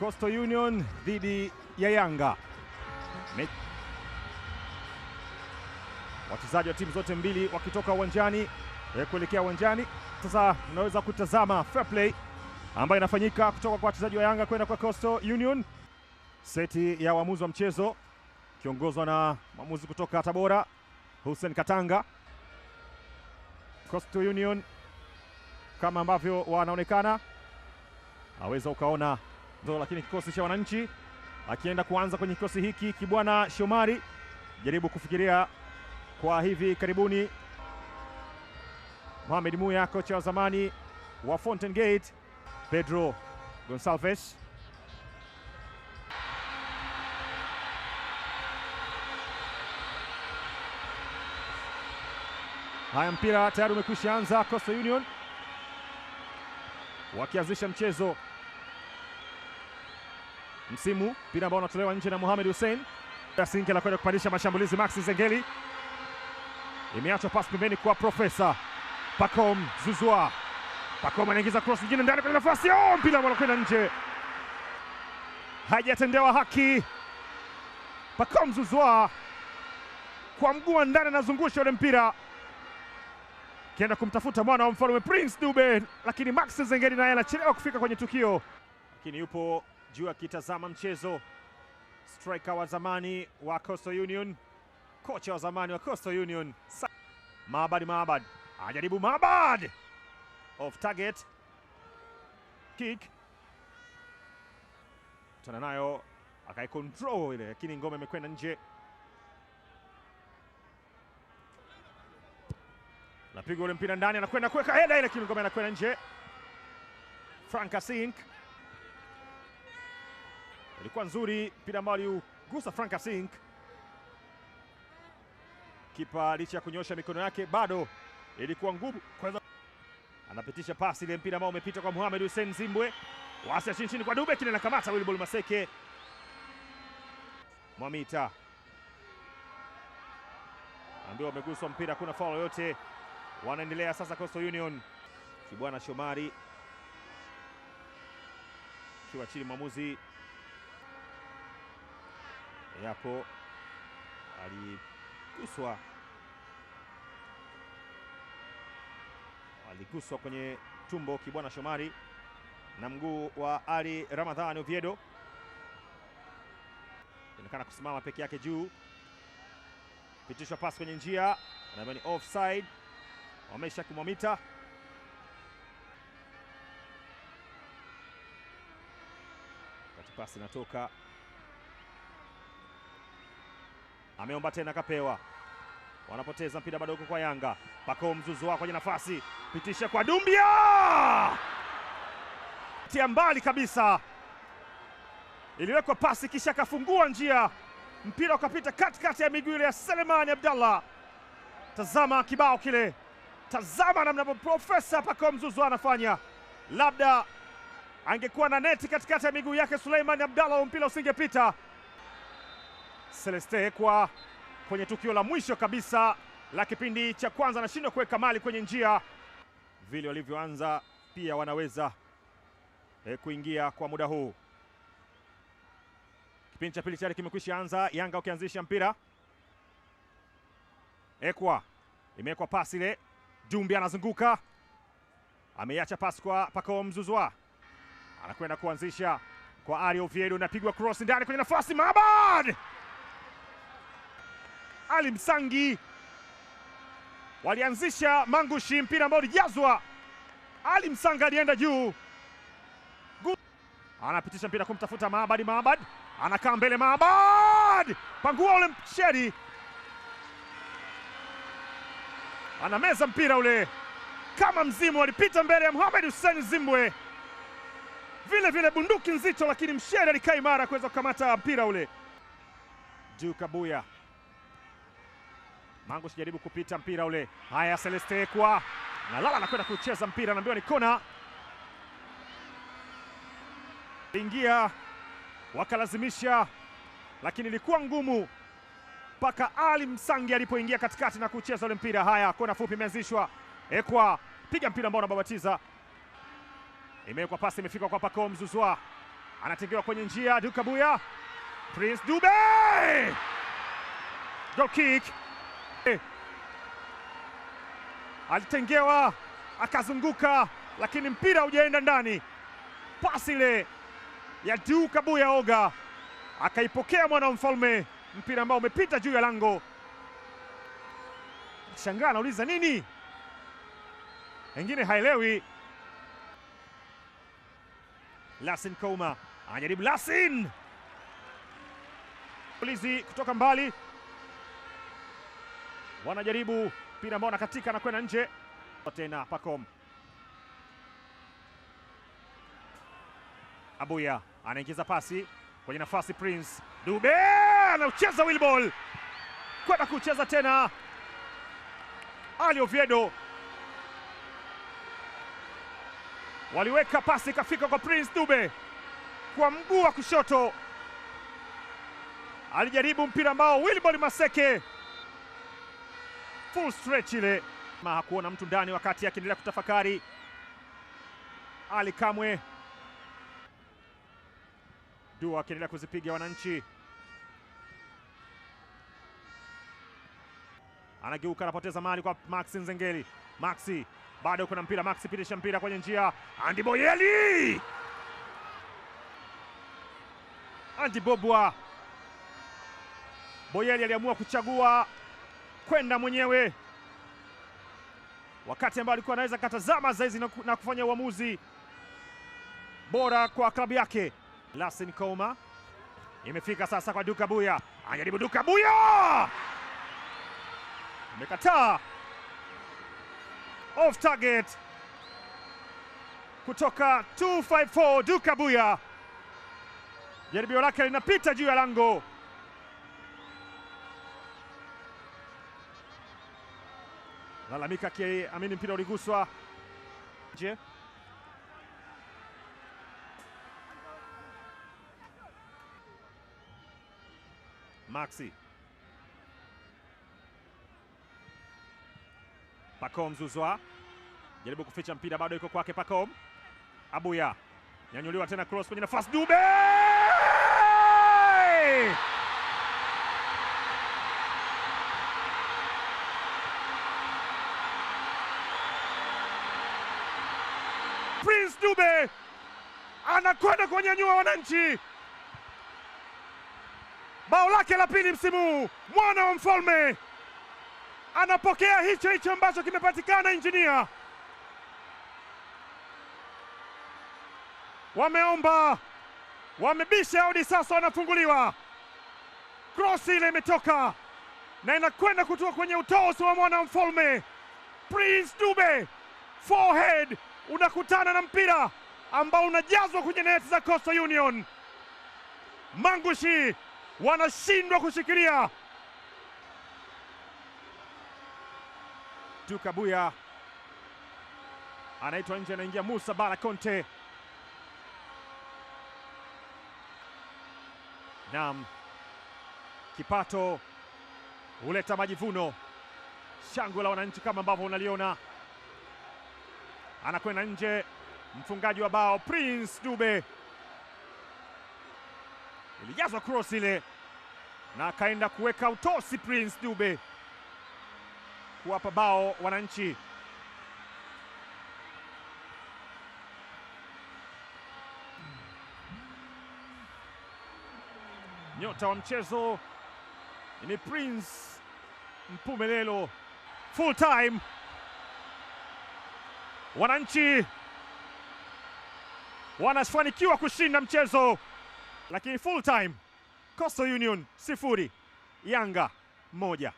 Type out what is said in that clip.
Coastal Union dhidi ya Yanga. wachezaji wa timu zote mbili wakitoka uwanjani eh, kuelekea uwanjani. Sasa unaweza kutazama fair play ambayo inafanyika kutoka kwa wachezaji wa Yanga kwenda kwa Coastal Union. Seti ya waamuzi wa mchezo ikiongozwa na mwamuzi kutoka Tabora Hussein Katanga. Coastal Union kama ambavyo wanaonekana, aweza ukaona Ndo lakini kikosi cha wananchi akienda kuanza kwenye kikosi hiki Kibwana Shomari, jaribu kufikiria kwa hivi karibuni. Mohamed Muya, kocha wa zamani wa Fountain Gate. Pedro Gonsalves Haya, mpira tayari umekwisha anza. Coastal Union wakianzisha mchezo msimu, mpira ambao unatolewa nje na Mohamed Hussein. la anakwenda kupandisha mashambulizi, Max Zengeli imeachwa pasi pembeni kwa Profesa Pacom Zuzua. Pacom anaingiza cross nyingine ndani kwenye nafasi, oh, mpira unakwenda nje, hajatendewa haki. Pacom Zuzua kwa mguu wa ndani anazungusha ule mpira kienda kumtafuta mwana wa mfalme Prince Dube, lakini Max Zengeli naye anachelewa kufika kwenye tukio, lakini yupo juu akitazama mchezo. Striker wa zamani wa Coastal Union, kocha wa zamani wa Coastal Union Mabad Mabad ajaribu, Maabad off target, kick tana nayo control ile, lakini ngome imekwenda nje. Napiga ule mpira ndani, anakwenda kuweka header ile, lakini ngome anakwenda nje. Frank ilikuwa nzuri, mpira ambao aliugusa Frank Asink. Kipa licha ya kunyosha mikono yake bado ilikuwa ngumu. Kwanza anapitisha pasi ile, mpira ambao umepita kwa Mohamed Hussein Zimbwe, wasi chini chini kwa Dube, kile nakamata Wilbol Maseke Mwamita ambiwa ameguswa mpira, kuna faulo yote Wanaendelea sasa Coastal Union. Kibwana Shomari kiwa chini mwamuzi yapo, aliguswa aliguswa kwenye tumbo Kibwana Shomari na mguu wa Ali ramadhan Oviedo, inaonekana kusimama peke yake juu, pitishwa pasi kwenye njia, na ni offside, wamesha kimwamita kati, pasi inatoka ameomba tena kapewa, wanapoteza mpira bado huko kwa Yanga. Pakao mzuzu wao kwenye nafasi, pitisha kwa Dumbia, tia mbali kabisa, iliwekwa pasi kisha akafungua njia, mpira ukapita katikati ya miguu ile ya Selemani Abdallah. Tazama kibao kile, tazama namna Profesa Pakao mzuzu anafanya, labda angekuwa na neti katikati ya miguu yake Suleimani Abdallah, mpira usingepita. Celeste Ekwa kwenye tukio la mwisho kabisa la kipindi cha kwanza anashindwa kuweka mali kwenye njia. Vile walivyoanza pia wanaweza e, kuingia kwa muda huu. Kipindi cha pili tayari kimekwisha anza, Yanga ukianzisha mpira. Ekwa imewekwa pasi ile, Jumbi anazunguka, ameiacha pasi kwa Pakao Mzuzwa, anakwenda kuanzisha kwa Ari Oviedo, inapigwa cross ndani kwenye nafasi Mabad ali Msangi walianzisha Mangushi, mpira ambao ulijazwa. Ali Msangi alienda juu, anapitisha mpira kumtafuta maabad maabad anakaa mbele, Maabadi pangua ule msheri, anameza mpira ule kama mzimu, alipita mbele ya Mohamed Hussein Zimbwe vile vile bunduki nzito, lakini msheri alikaa imara kuweza kukamata mpira ule juu. Kabuya Mangu sijaribu kupita mpira ule. Haya, Celeste Ekwa na lala anakwenda kucheza mpira, anaambiwa ni kona, ingia wakalazimisha, lakini ilikuwa ngumu mpaka Ali Msangi alipoingia katikati na kucheza ule mpira. Haya, kona fupi imeanzishwa. Ekwa piga mpira ambao unababatiza, imewekwa pasi, imefika kwa Pacome Mzuzwa, anatengewa kwenye njia. Dukabuya Prince Dube, goal kick Alitengewa akazunguka, lakini mpira hujaenda ndani. Pasi ile ya Diu Kabuya Oga akaipokea mwana wa mfalme, mpira ambao umepita juu ya lango. Shangaa anauliza nini, wengine haelewi. Lasin Kouma anajaribu, Lasin ulizi kutoka mbali wanajaribu mpira ambao nakatika na kwenda nje tena. Pacome Abuya anaingiza pasi kwenye nafasi, Prince Dube anaucheza wilbol kwenda kucheza tena, Ali Oviedo waliweka pasi ikafika kwa Prince Dube kwa mguu wa kushoto, alijaribu mpira ambao Wilbol Maseke full stretch ile, ma hakuona mtu ndani wakati akiendelea kutafakari. Ali Kamwe dua akiendelea kuzipiga wananchi, anageuka anapoteza mali kwa Maxi Nzengeli. Maxi bado kuna mpira, Maxi pitisha mpira kwenye njia, Andy Boyeli, Andy Bobwa. Boyeli aliamua kuchagua kwenda mwenyewe, wakati ambao alikuwa anaweza katazama zaizi na kufanya uamuzi bora kwa klabu yake. Lasin Koma imefika sasa kwa Duka Buya, anajaribu Duka Buya amekataa, off target kutoka 254 Duka Buya, jaribio lake linapita juu ya lango. Lalamika akiamini mpira uliguswa nje. Maxi Pacom Zuzwa jaribu kuficha mpira, bado yuko kwake Pacom. Abuya nyanyuliwa tena, cross kwenye nafasi Dube Dube anakwenda kuwanyanyua wananchi. Bao lake la pili msimu huu, mwana wa mfalme anapokea hicho hicho ambacho kimepatikana Injinia. Wameomba, wamebisha hadi sasa, wanafunguliwa. Krosi ile imetoka na inakwenda kutua kwenye utosi wa mwana wa mfalme Prince Dube, forehead unakutana na mpira ambao unajazwa kwenye neti za Coastal Union. Mangushi wanashindwa kushikilia. Tukabuya anaitwa nje, anaingia Musa Bala Conte. Naam, kipato huleta majivuno, shangwe la wananchi kama ambavyo unaliona anakwenda nje, mfungaji wa bao Prince Dube. Ilijazwa cross ile na akaenda kuweka utosi Prince Dube kuwapa bao wananchi. Nyota wa mchezo ni Prince Mpumelelo. Full time Wananchi wanafanikiwa kushinda mchezo, lakini full time Coastal Union sifuri Yanga moja.